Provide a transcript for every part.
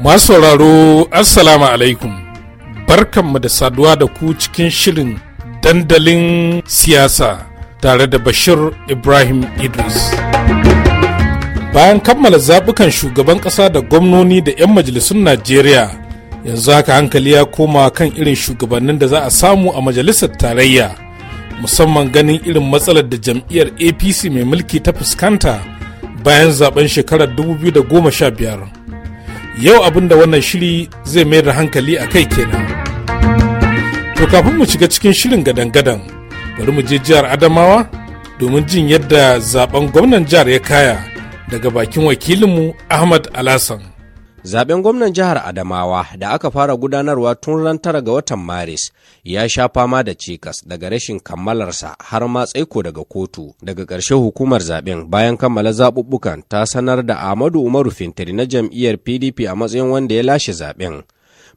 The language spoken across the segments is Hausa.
Masu sauraro Assalamu alaikum barkanmu da saduwa da ku cikin shirin dandalin siyasa tare da Bashir Ibrahim Idris. Bayan kammala zabukan shugaban ƙasa da gwamnoni da 'yan majalisun Najeriya yanzu haka hankali ya koma kan irin shugabannin da za a samu a majalisar tarayya musamman ganin irin matsalar da jam'iyyar APC mai mulki ta fuskanta bayan zaben shekarar 2015. yau abin da wannan shiri zai mayar da hankali a kai kenan to kafin mu shiga cikin shirin gadan-gadan bari mu je jihar adamawa domin jin yadda zaben gwamnan jihar ya kaya daga bakin wakilinmu ahmad alasan Zaben gwamnan jihar Adamawa da aka fara gudanarwa tun ran tara ga watan Maris ya sha fama da cikas daga rashin kammalarsa har ma tsaiko daga kotu. Daga ƙarshe hukumar zaben bayan kammala zaɓuɓɓukan ta sanar da Ahmadu Umaru Fintiri na jam'iyyar PDP a matsayin wanda ya lashe zaben.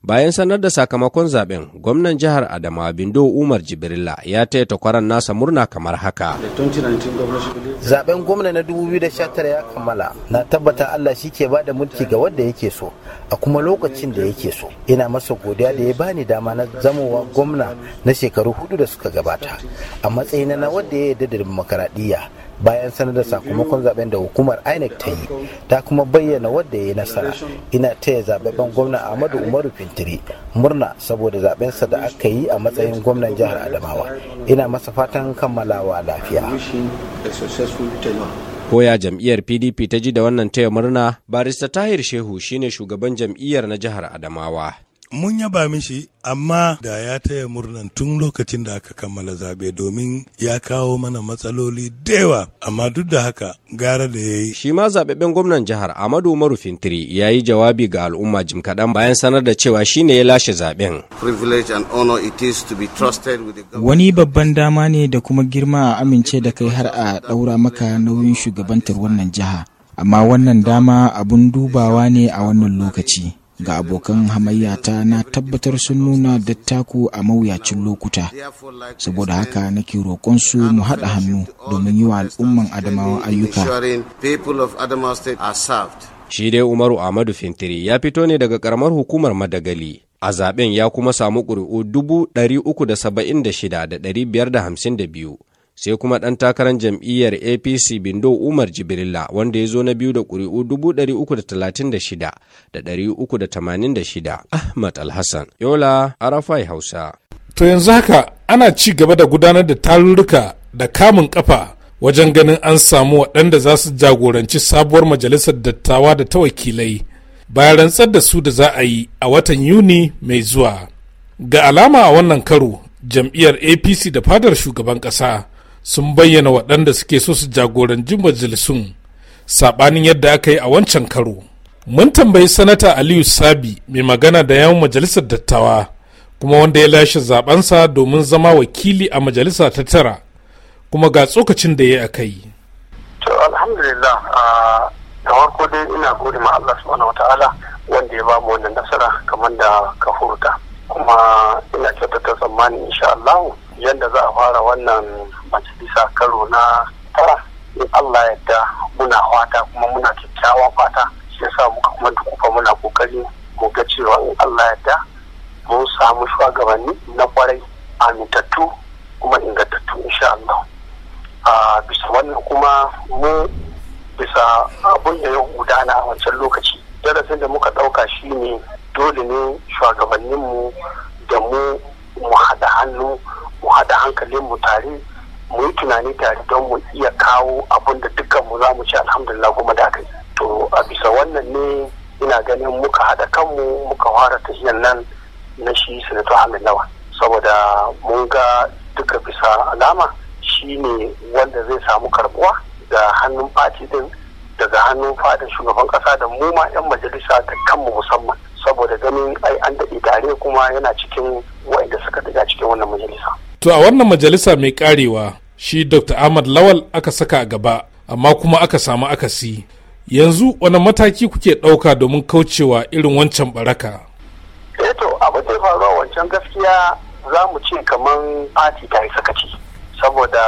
Bayan sanar da sakamakon zaben, gwamnan jihar Adama Bindo Umar jibrila ya taya takwaran nasa murna kamar haka. Zaben gwamna na 2019 ya kammala, na tabbata Allah shi ke bada mulki ga wanda yake so, a kuma lokacin da yake so. Ina masa godiya da ya bani dama na zamowa gwamna na shekaru hudu da suka gabata, a matsayina na wadda ya yarda da bayan sanar da sakamakon zaben da hukumar inec ta yi ta kuma bayyana wadda ya yi nasara ina taya zababben gwamna ahmadu umaru fintiri murna saboda sa da aka yi a matsayin gwamnan jihar adamawa ina masa fatan kammalawa lafiya koya jam'iyyar pdp ta ji da wannan taya murna barista tahir shehu shine shugaban jam'iyyar na jihar adamawa mun yaba mishi amma da ya taya murnan tun lokacin da aka kammala zaɓe domin ya kawo mana matsaloli da amma duk da haka gara da ya yi. Shi ma zaɓaɓɓen gwamnan jihar Amadu Umaru Fintiri ya yi jawabi ga al'umma jim kaɗan bayan sanar da cewa shi ne ya lashe zaɓen. Wani babban dama ne da kuma girma a amince da kai har a ɗaura maka nauyin shugabantar wannan jiha. Amma wannan dama abun dubawa ne a wannan lokaci. ga abokan hamayyata na tabbatar sun nuna dattako a mawuyacin lokuta saboda haka nake roƙonsu mu haɗa hannu domin yi wa al'umman adamawa ayyuka shi dai umaru ahmadu fintiri ya fito ne daga karamar hukumar madagali a zaben ya kuma samu ƙuri'u 376,552 sai kuma ɗan takarar jam'iyyar apc bindo umar jibrilla wanda ya zo na biyu da ƙuri'u da shida, ahmad alhassan yola arafai hausa to yanzu haka ana ci gaba da gudanar da tarurruka da kamun kafa wajen ganin an samu waɗanda za su jagoranci sabuwar majalisar dattawa da ta wakilai bayan rantsar da su da za a yi a watan yuni mai zuwa ga alama a wannan karo jam'iyyar apc da fadar shugaban ƙasa sun bayyana waɗanda suke so su jagoranci majalisun saɓanin yadda aka yi a wancan karo mun tambayi sanata aliyu sabi mai magana da yawon majalisar dattawa kuma wanda ya lashe zabensa domin zama wakili a majalisa ta tara kuma ga tsokacin da ya yi a kai to ina gode ma Allah wanda ya mu wannan nasara kamar da ka furta kuma ina kyautata tsammanin insha Allah yadda za a fara wannan majalisa karo na tara in Allah yadda muna fata kuma muna kyakkyawan fata shi yasa muka kuma dukufa muna kokari mu ga cewa in Allah yadda mun samu shugabanni na kwarai amintattu kuma ingantattu insha Allah a bisa wannan kuma mu bisa abun da ya gudana a wancan lokaci darasin da muka ɗauka shine dole ne shugabanninmu da mu mu haɗa hannu haɗa hankalin mu tare mu yi tunani tare don mu iya kawo abin da dukkan mu za mu ci alhamdulillah kuma da kai to a bisa wannan ne ina ganin muka haɗa kanmu muka fara tafiyan nan na shi sanato hamilawa saboda mun ga duka bisa alama shi ne wanda zai samu karbuwa da hannun fati din daga hannun fadin shugaban kasa da mu ma 'yan majalisa da kanmu musamman saboda ganin ai an daɗe tare kuma yana cikin wa'inda suka daga cikin wannan majalisa. to a wannan majalisa mai karewa shi dr ahmad lawal aka saka a gaba amma kuma aka samu akasi yanzu wani mataki kuke ɗauka domin kaucewa irin wancan baraka eto eh abu da faruwa wancan gaskiya za mu ce kamar fati ta yi sakaci saboda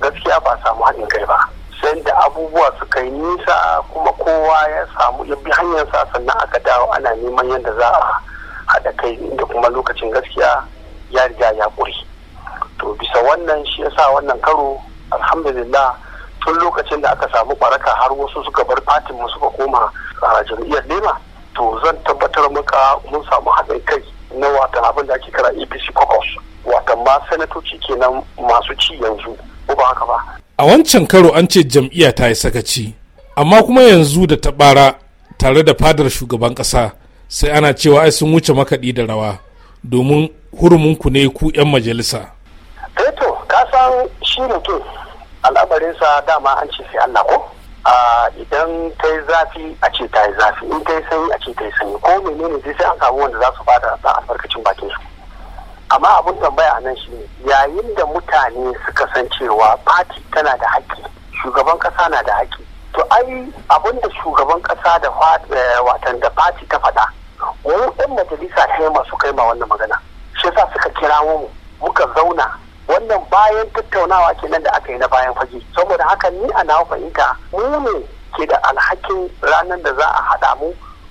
gaskiya ba samu haɗin kai ba sai da abubuwa suka yi nisa kuma kowa ya samu ya bi hanyarsa sannan aka dawo ana neman yadda za a haɗa kai inda kuma lokacin gaskiya ya riga ya ƙuri to bisa wannan shi yasa wannan karo alhamdulillah tun lokacin da aka samu ɓaraka har wasu suka bar fatin mu suka koma a jam'iyyar lema to zan tabbatar maka mun samu haɗin kai na watan abin da ake kira apc caucus watan ma sanatoci kenan masu ci yanzu ko ba haka ba a wancan karo an ce jam'iyya ta yi sakaci amma kuma yanzu da ta bara tare da fadar shugaban ƙasa sai ana cewa ai sun wuce makaɗi da rawa domin ku ne ku 'yan majalisa idan shi mutum al'amarinsa dama an ce sai Allah ko idan ta zafi a ce ta yi zafi in ta yi sanyi a ce ta yi sanyi ko menene zai sai an samu wanda za su bada da albarkacin bakin su amma abun tambaya a nan shi ne yayin da mutane suka san cewa fati tana da haƙƙi shugaban ƙasa na da haƙƙi to ai abin da shugaban ƙasa da eh, watan da fati ta faɗa wani ɗan majalisa ne masu kai ma wannan magana shi yasa suka kira mu muka zauna wannan bayan tattaunawa kenan da aka yi na bayan fage saboda haka ni a nawa fahimta mu ne ke da alhakin ranar da za a haɗa mu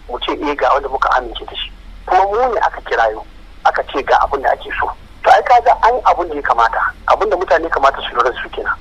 mu ce eh ga wanda muka amince da shi kuma mu ne aka kirayo aka ce ga abin da ake so to ai kaga an abin da ya kamata abin da mutane kamata su lura su kenan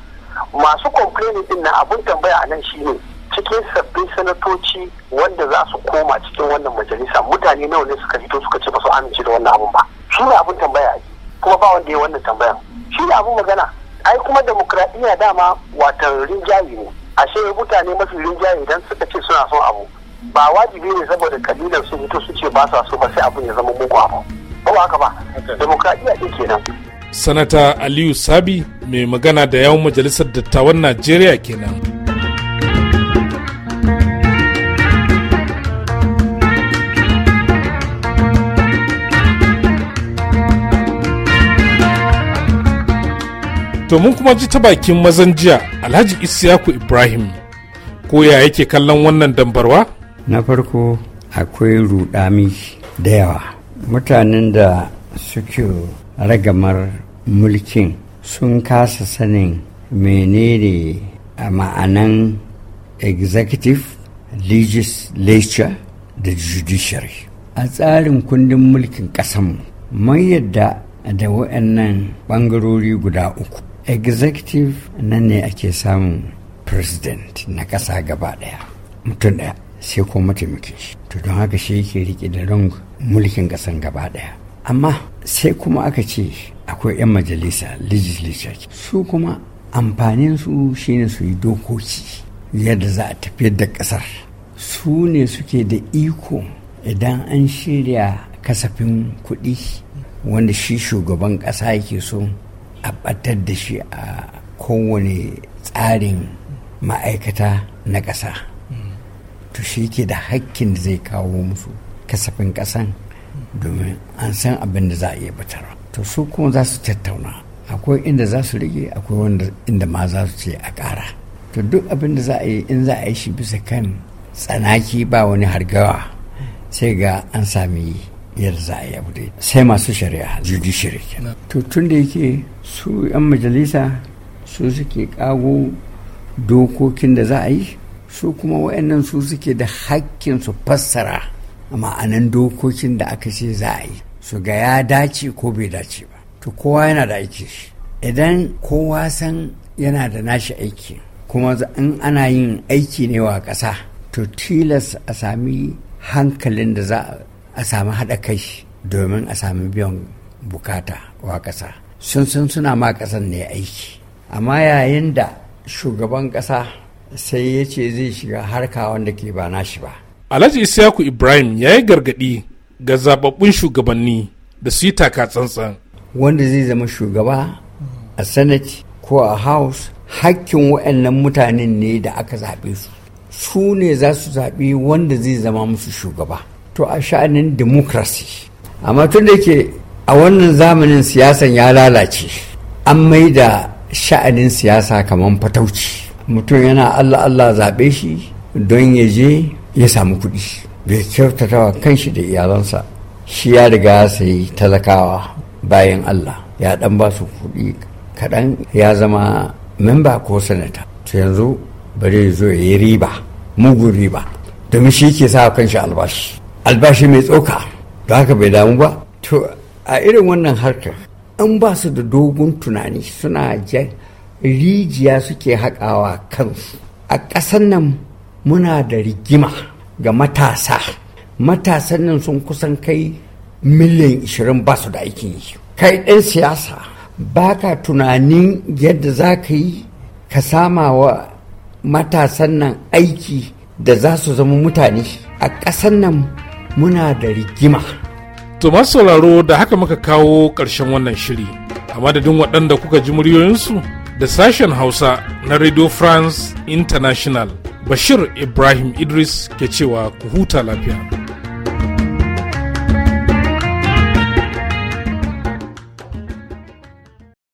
masu complaining din na abin tambaya a nan shine cikin sabbin sanatoci wanda za su koma cikin wannan majalisa mutane nawa ne suka fito suka ce ba su amince da wannan abun ba su ne abin tambaya kuma ba wanda ya wannan tambayan shi ne magana ai kuma demokradiyya dama watan rinjaye ne ashe mutane mafi rinjaye idan suka ce suna son abu ba wajibi ne saboda kalilan su mutu su ce ba sa so ba sai abin ya zama mugu abu ba ba haka ba demokradiyya kenan sanata aliyu sabi mai magana da yawon majalisar dattawan najeriya kenan to mun kuma ji ta bakin mazan jiya alhaji isiyaku ibrahim ko ya yake kallon wannan dambarwa na farko akwai rudami da yawa mutanen da suke ragamar mulkin sun kasa sanin menene a ma'anan executive legislature da judiciary a tsarin kundin mulkin ƙasanmu mai yadda da waɗannan ɓangarori guda uku executive nan ne ake samun president na ƙasa gaba ɗaya mutum ɗaya sai ko mataimakin shi to don haka shi yake riƙe da rung mulkin ƙasan gaba ɗaya amma sai kuma aka ce akwai 'yan majalisa legislature su kuma amfanin su shine su yi dokoki yadda za a tafiyar da ƙasar su ne suke da iko idan an shirya kasafin kuɗi wanda shi shugaban ƙasa yake so a ɓatar da shi a kowane tsarin ma'aikata na ƙasa to shi ke da hakkin da zai kawo musu kasafin ƙasan domin an san abin da za a iya batar to su kuma za su tattauna akwai inda za su rage akwai wanda inda ma za su ce a ƙara to duk abin da za a yi in za a yi shi bisa kan tsanaki ba wani hargawa sai ga an sami yadda za a sai masu shari'a judiciary kenan to tun da yake su 'yan majalisa su suke kago dokokin da za a yi su kuma waɗannan su suke da hakkin su fassara a ma'anan dokokin da aka ce za a yi su ga ya dace ko bai dace ba to kowa yana da aiki shi idan kowa san yana da nashi aiki kuma in ana yin aiki ne wa ƙasa to tilas a sami hankalin da za a a sami haɗa kai domin a sami biyan bukata wa ƙasa sun sun suna ma ƙasan ne aiki amma yayin da shugaban ƙasa sai ya ce zai shiga harka wanda ke ba nashi ba alhaji isyaku ibrahim ya yi gargaɗi ga zababbun shugabanni da su yi taka tsantsan wanda zai zama shugaba a senate ko a house hakkin wa'annan mutanen ne da aka zaɓe su su ne za su zaɓi wanda zai zama musu shugaba to a sha'anin demokrasi amma tun da ke a wannan zamanin siyasan ya lalace an mai da sha'anin siyasa kamar fatauci mutum yana allah allah zaɓe shi don ya je ya samu kuɗi bai kyautata wa kanshi da iyalansa shi ya riga sai talakawa bayan allah ya ɗan ba su kuɗi kaɗan ya zama memba ko sanata to yanzu bari zo ya yi riba mugun riba domin shi ke sa kanshi albashi albashi mai tsoka da haka bai damu ba to a irin wannan harkar an ba su da dogon tunani suna rijiya suke haƙawa kansu a ƙasar nan muna da rigima ga matasa matasan nan sun kusan kai miliyan 20 ba su da aikin yi kai ɗan siyasa ba ka tunanin yadda za ka yi ka sama wa matasan nan aiki da za su zama mutane a ƙasar nan muna da rigima to masu sauraro da haka muka kawo ƙarshen wannan shiri a madadin waɗanda kuka ji muryoyinsu da sashen hausa na radio france international bashir ibrahim idris ke cewa ku huta lafiya